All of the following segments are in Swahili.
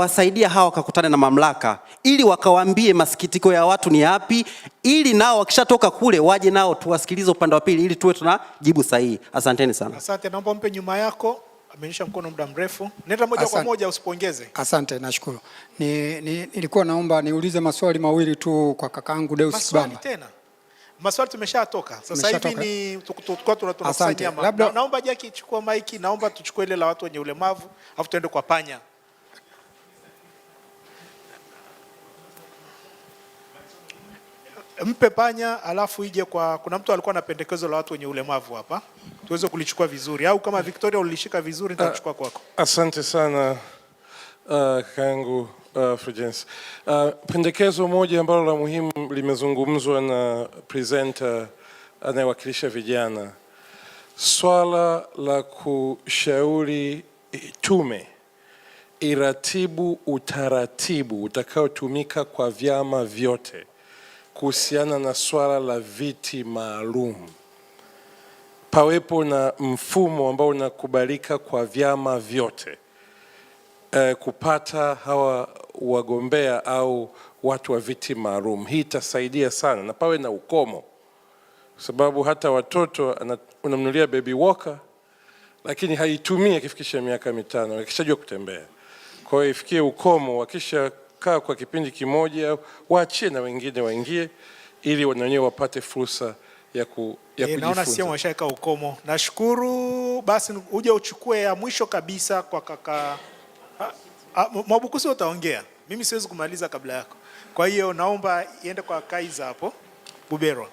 wasaidia hawa wakakutana na mamlaka ili wakawaambie masikitiko ya watu ni yapi, ili nao wakishatoka kule waje nao tuwasikilize upande wa pili, ili tuwe tuna jibu sahihi. Asanteni sana. Asante, naomba mpe nyuma yako, amenyesha mkono muda mrefu. Nenda moja kwa moja, usipongeze. Asante, nashukuru. Ni, ni, nilikuwa naomba niulize maswali mawili tu kwa kakaangu Deus Bamba. Tena maswali tumeshatoka sasa hivi ni tulikuwa tunakusanyia. Naomba Jackie, chukua maiki, naomba tuchukue ile la watu wenye ulemavu, afu tuende kwa panya. mpe panya, alafu ije kwa. Kuna mtu alikuwa na pendekezo la watu wenye ulemavu hapa, tuweze kulichukua vizuri, au kama Victoria ulishika vizuri, nitachukua ah, kwako. Asante sana ah, kaka yangu uh, ah, Uh, pendekezo moja ambalo la muhimu limezungumzwa na presenter anayewakilisha vijana, swala la kushauri tume iratibu utaratibu utakaotumika kwa vyama vyote kuhusiana na swala la viti maalum, pawepo na mfumo ambao unakubalika kwa vyama vyote eh, kupata hawa wagombea au watu wa viti maalum. Hii itasaidia sana, na pawe na ukomo, kwa sababu hata watoto unamnulia baby walker, lakini haitumii akifikisha miaka mitano, akishajua kutembea. Kwa hiyo ifikie ukomo wakisha kukaa kwa kipindi kimoja, waachie na wengine waingie, ili wenyewe wapate fursa ya ku, ya e, naona sio mwashaweka ukomo. Nashukuru. Basi uje uchukue ya mwisho kabisa kwa kaka ah, ah, Mwabukusi, utaongea mimi siwezi kumaliza kabla yako, kwa hiyo naomba iende kwa Kaiza hapo Bubero,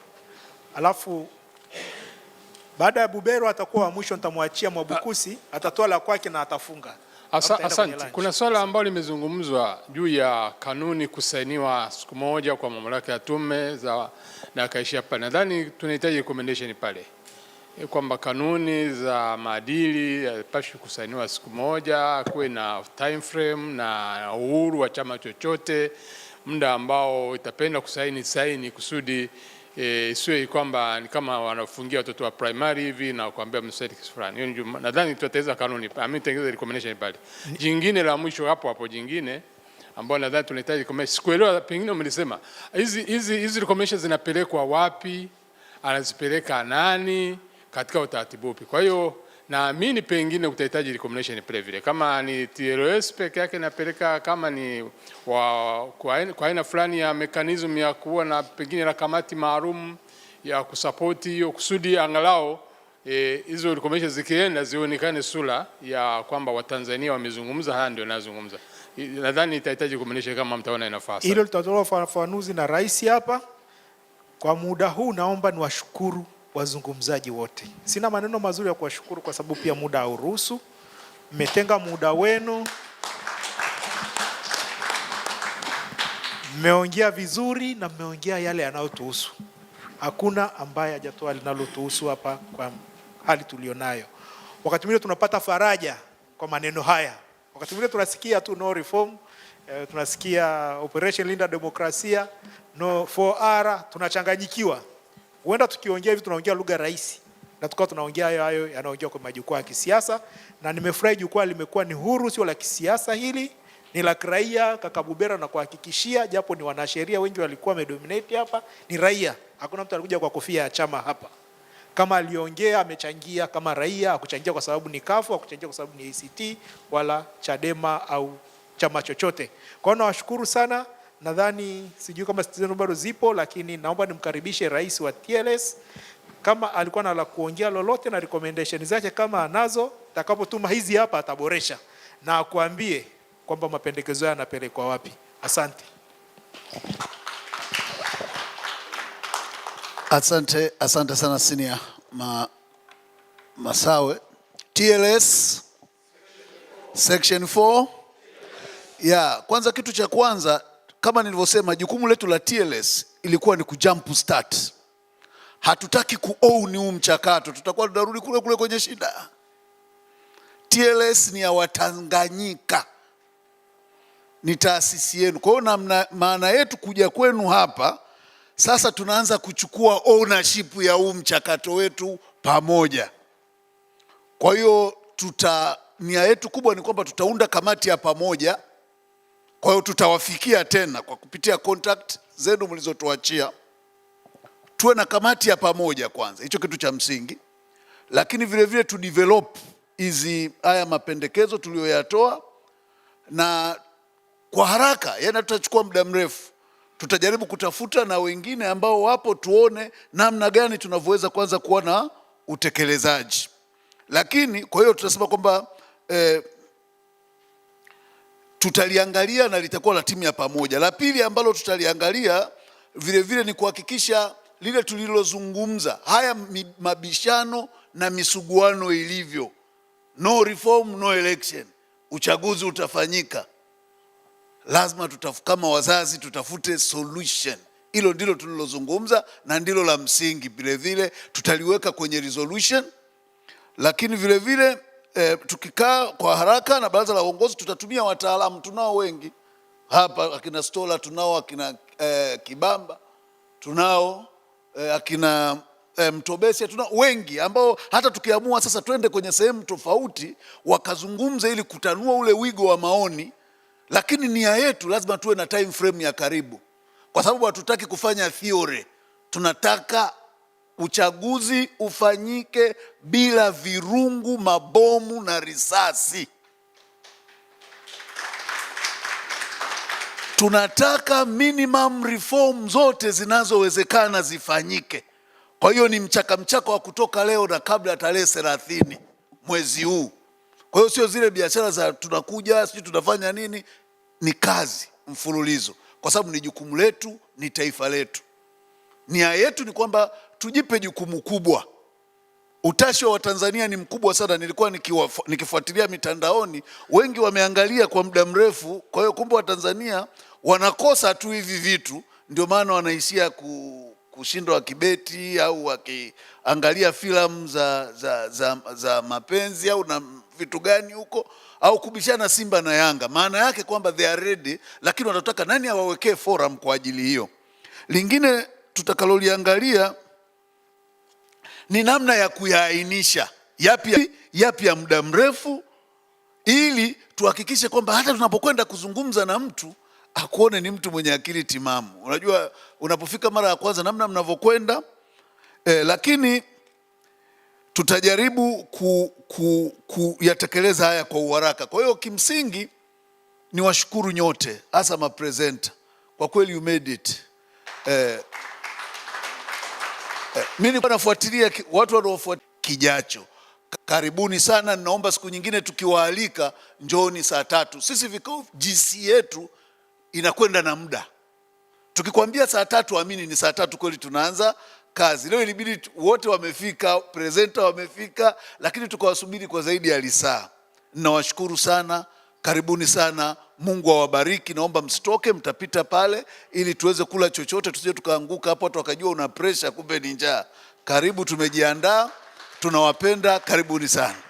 alafu baada ya Bubero atakuwa wa mwisho, nitamwachia Mwabukusi, atatoa la kwake na atafunga. Asa, asante. Kuna swala ambalo limezungumzwa juu ya kanuni kusainiwa siku moja kwa mamlaka ya tume za na kaishia pale. Nadhani tunahitaji recommendation pale e, kwamba kanuni za maadili hazipashi kusainiwa siku moja, kuwe na time frame na uhuru wa chama chochote, muda ambao itapenda kusaini saini kusudi e, sio kwamba ni kama wanafungia watoto wa primary hivi na kuambia mseti kitu fulani. Hiyo nadhani tutaweza kanuni, I mean recommendation pale. Jingine la mwisho hapo hapo jingine ambao nadhani tunahitaji recommendation. Sikuelewa, pengine umelisema. Hizi hizi hizi recommendations zinapelekwa wapi? Anazipeleka nani? Katika utaratibu upi? Kwa hiyo naamini pengine utahitaji recombination play vile, kama ni TLS peke yake napeleka kama ni wa, kwa aina fulani ya mekanism ya kuwa na pengine na kamati maalum ya kusapoti hiyo, kusudi angalau eh, hizo e, recombination zikienda zionekane sura ya kwamba Watanzania wamezungumza, haya ndio nazungumza. Nadhani itahitaji kumenisha kama mtaona inafaa. Hilo litatoa ufafanuzi na rais hapa. Kwa muda huu naomba niwashukuru wazungumzaji wote. Sina maneno mazuri ya kuwashukuru kwa sababu pia muda hauruhusu, mmetenga muda wenu, mmeongea vizuri na mmeongea yale yanayotuhusu. Hakuna ambaye hajatoa linalotuhusu hapa kwa hali tulionayo. Wakati mwingine tunapata faraja kwa maneno haya, wakati mwingine tunasikia tu no reform eh, tunasikia operation linda demokrasia no 4R, tunachanganyikiwa. Huenda tukiongea hivi tunaongea lugha rahisi na tukawa tunaongea hayo hayo yanaongea kwa majukwaa ya kisiasa, na nimefurahi jukwaa limekuwa ni huru, sio la kisiasa hili ni la kiraia. Kaka Bubera na kuhakikishia, japo ni wanasheria wengi walikuwa wamedominate hapa, ni raia. Hakuna mtu alikuja kwa kofia ya chama hapa. Kama aliongea amechangia kama raia, akuchangia kwa sababu ni kafu, akuchangia kwa sababu ni ACT wala Chadema au chama chochote. Kwa hiyo nawashukuru sana nadhani sijui kama siku zenu bado zipo, lakini naomba nimkaribishe rais wa TLS kama alikuwa na la kuongea lolote na recommendation zake kama anazo, takapotuma hizi hapa ataboresha na akuambie kwamba mapendekezo haya yanapelekwa wapi. Asante. Asante, asante sana sinia Ma, Masawe. TLS Section 4. Yeah, kwanza kitu cha kwanza kama nilivyosema, jukumu letu la TLS ilikuwa ni kujump start. Hatutaki kuown huu mchakato, tutakuwa tunarudi kule kule kwenye shida. TLS ni ya Watanganyika, ni taasisi yenu. Kwa hiyo maana yetu kuja kwenu hapa sasa, tunaanza kuchukua ownership ya huu mchakato wetu pamoja. Kwa hiyo tuta, nia yetu kubwa ni kwamba tutaunda kamati ya pamoja kwa hiyo tutawafikia tena kwa kupitia contact zenu mlizotuachia. Tuwe na kamati ya pamoja kwanza, hicho kitu cha msingi, lakini vile vile tu develop hizi haya mapendekezo tuliyoyatoa na kwa haraka, yani tutachukua muda mrefu, tutajaribu kutafuta na wengine ambao wapo, tuone namna gani tunavyoweza kwanza kuwa na utekelezaji. Lakini kwa hiyo tunasema kwamba eh, tutaliangalia na litakuwa la timu ya pamoja. La pili ambalo tutaliangalia vile vile ni kuhakikisha lile tulilozungumza, haya mabishano na misuguano ilivyo, no reform no election, uchaguzi utafanyika lazima tutaf, kama wazazi tutafute solution. Hilo ndilo tulilozungumza na ndilo la msingi, vile vile tutaliweka kwenye resolution, lakini vile vile e, tukikaa kwa haraka na baraza la uongozi tutatumia wataalamu, tunao wengi hapa, akina Stola tunao, akina e, Kibamba tunao e, akina e, Mtobesia tunao wengi ambao hata tukiamua sasa twende kwenye sehemu tofauti wakazungumza ili kutanua ule wigo wa maoni, lakini nia yetu lazima tuwe na time frame ya karibu, kwa sababu hatutaki kufanya theory, tunataka uchaguzi ufanyike bila virungu, mabomu na risasi. Tunataka minimum reform zote zinazowezekana zifanyike. Kwa hiyo ni mchaka mchaka wa kutoka leo na kabla ya tarehe thelathini mwezi huu. Kwa hiyo sio zile biashara za tunakuja sijui tunafanya nini, ni kazi mfululizo, kwa sababu ni jukumu letu, ni taifa letu. Nia yetu ni kwamba tujipe jukumu kubwa. Utashi wa Watanzania ni mkubwa sana. Nilikuwa nikifuatilia mitandaoni, wengi wameangalia kwa muda mrefu. Kwa hiyo kumbe Watanzania wanakosa tu hivi vitu, ndio maana wanahisia ku, kushindwa wakibeti au wakiangalia filamu za, za, za, za mapenzi au na vitu gani huko au kubishana Simba na Yanga. Maana yake kwamba they are ready, lakini wanataka nani awawekee forum kwa ajili hiyo. Lingine tutakaloliangalia ni namna ya kuyaainisha yapi yapi ya muda mrefu, ili tuhakikishe kwamba hata tunapokwenda kuzungumza na mtu akuone ni mtu mwenye akili timamu. Unajua, unapofika mara ya kwanza, namna mnavyokwenda eh, lakini tutajaribu kuyatekeleza ku, ku haya kwa uharaka. Kwa hiyo kimsingi ni washukuru nyote, hasa mapresenta, kwa kweli you made it eh, Eh, ni nafuatilia watu wanaofuatilia kijacho. Karibuni sana, naomba siku nyingine tukiwaalika, njooni saa tatu. Sisi vikao jinsi yetu inakwenda na muda, tukikwambia saa tatu amini ni saa tatu kweli, tunaanza kazi. Leo ilibidi wote wamefika, presenta wamefika, lakini tukawasubiri kwa zaidi ya lisaa. nawashukuru sana, karibuni sana. Mungu awabariki. Naomba msitoke, mtapita pale ili tuweze kula chochote, tusije tukaanguka hapo, watu wakajua una presha, kumbe ni njaa. Karibu, tumejiandaa, tunawapenda, karibuni sana.